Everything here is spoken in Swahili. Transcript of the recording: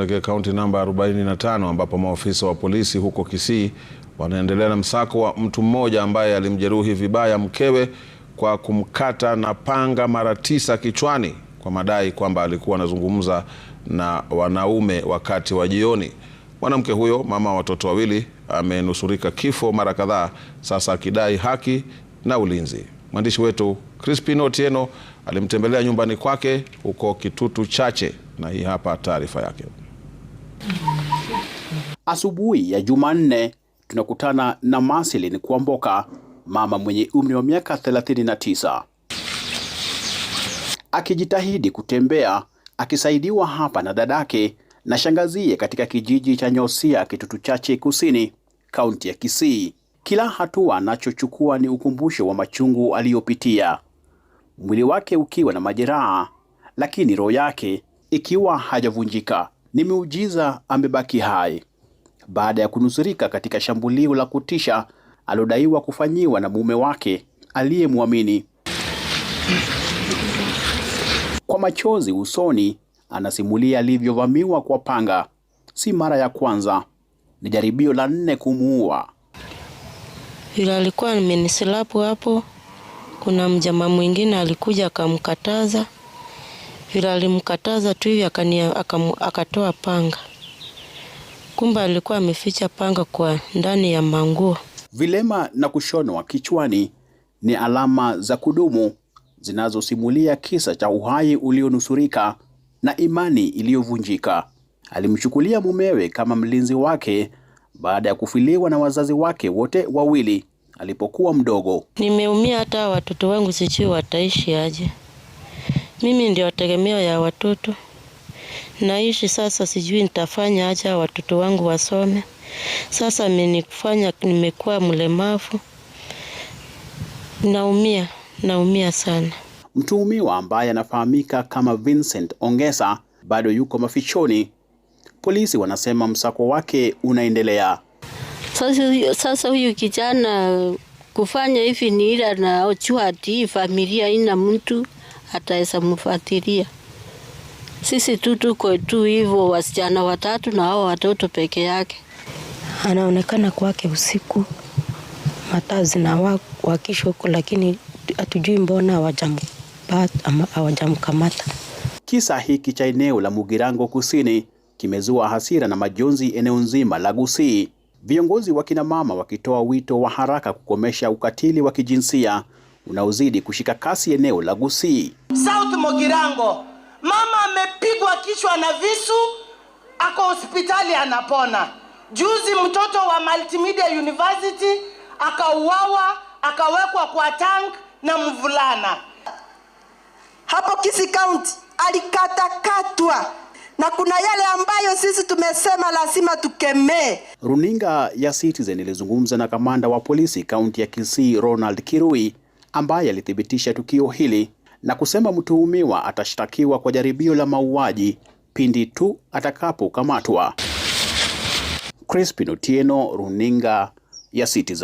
Tuelekee kaunti namba 45 ambapo maofisa wa polisi huko Kisii wanaendelea na msako wa mtu mmoja ambaye alimjeruhi vibaya mkewe kwa kumkata na panga mara tisa kichwani kwa madai kwamba alikuwa anazungumza na wanaume wakati wa jioni. Mwanamke huyo, mama watoto wawili, amenusurika kifo mara kadhaa sasa akidai haki na ulinzi. Mwandishi wetu Crispin Otieno alimtembelea nyumbani kwake huko Kitutu Chache na hii hapa taarifa yake. Asubuhi ya Jumanne tunakutana na Marceline Kwamboka, mama mwenye umri wa miaka 39, akijitahidi kutembea akisaidiwa hapa na dadake na shangazie katika kijiji cha Nyosia, Kitutu Chache Kusini, kaunti ya Kisii. Kila hatua anachochukua ni ukumbusho wa machungu aliyopitia, mwili wake ukiwa na majeraha, lakini roho yake ikiwa hajavunjika. Ni miujiza amebaki hai baada ya kunusurika katika shambulio la kutisha alodaiwa kufanyiwa na mume wake aliyemwamini. Kwa machozi usoni, anasimulia alivyovamiwa kwa panga. Si mara ya kwanza, ni jaribio la nne kumuua. Yule alikuwa amenislapu hapo. Kuna mjama mwingine alikuja akamkataza, vile alimkataza tu hivi akatoa panga Kumbe alikuwa ameficha panga kwa ndani ya manguo. Vilema na kushonwa kichwani ni alama za kudumu zinazosimulia kisa cha uhai ulionusurika na imani iliyovunjika. Alimchukulia mumewe kama mlinzi wake baada ya kufiliwa na wazazi wake wote wawili alipokuwa mdogo. Nimeumia, hata watoto wangu sijui wataishi aje. Mimi ndio tegemeo ya watoto naishi sasa, sijui nitafanya acha watoto wangu wasome. Sasa kufanya nimekuwa mlemavu, naumia, naumia sana. Mtuhumiwa ambaye anafahamika kama Vincent Ongesa bado yuko mafichoni. Polisi wanasema msako wake unaendelea. Sasa, sasa huyu kijana kufanya hivi ni ila na ati familia ina mtu ataweza mfuatilia. Sisi tu tuko tu hivyo wasichana watatu na hao watoto peke yake. Anaonekana kwake usiku, mataa zinawakishwa huko, lakini hatujui mbona hawajamkamata. Kisa hiki cha eneo la Mugirango Kusini kimezua hasira na majonzi eneo nzima la Gusii, viongozi wa kinamama wakitoa wito wa haraka kukomesha ukatili wa kijinsia unaozidi kushika kasi eneo la Gusii. South Mugirango Mama amepigwa kichwa na visu, ako hospitali anapona. Juzi mtoto wa Multimedia University akauawa, akawekwa kwa tank na mvulana hapo Kisii County, alikatakatwa na kuna yale ambayo sisi tumesema lazima tukemee. Runinga ya Citizen ilizungumza na kamanda wa polisi kaunti ya Kisii Ronald Kirui ambaye alithibitisha tukio hili na kusema mtuhumiwa atashtakiwa kwa jaribio la mauaji pindi tu atakapokamatwa. Crispin Otieno, Runinga ya Citizen.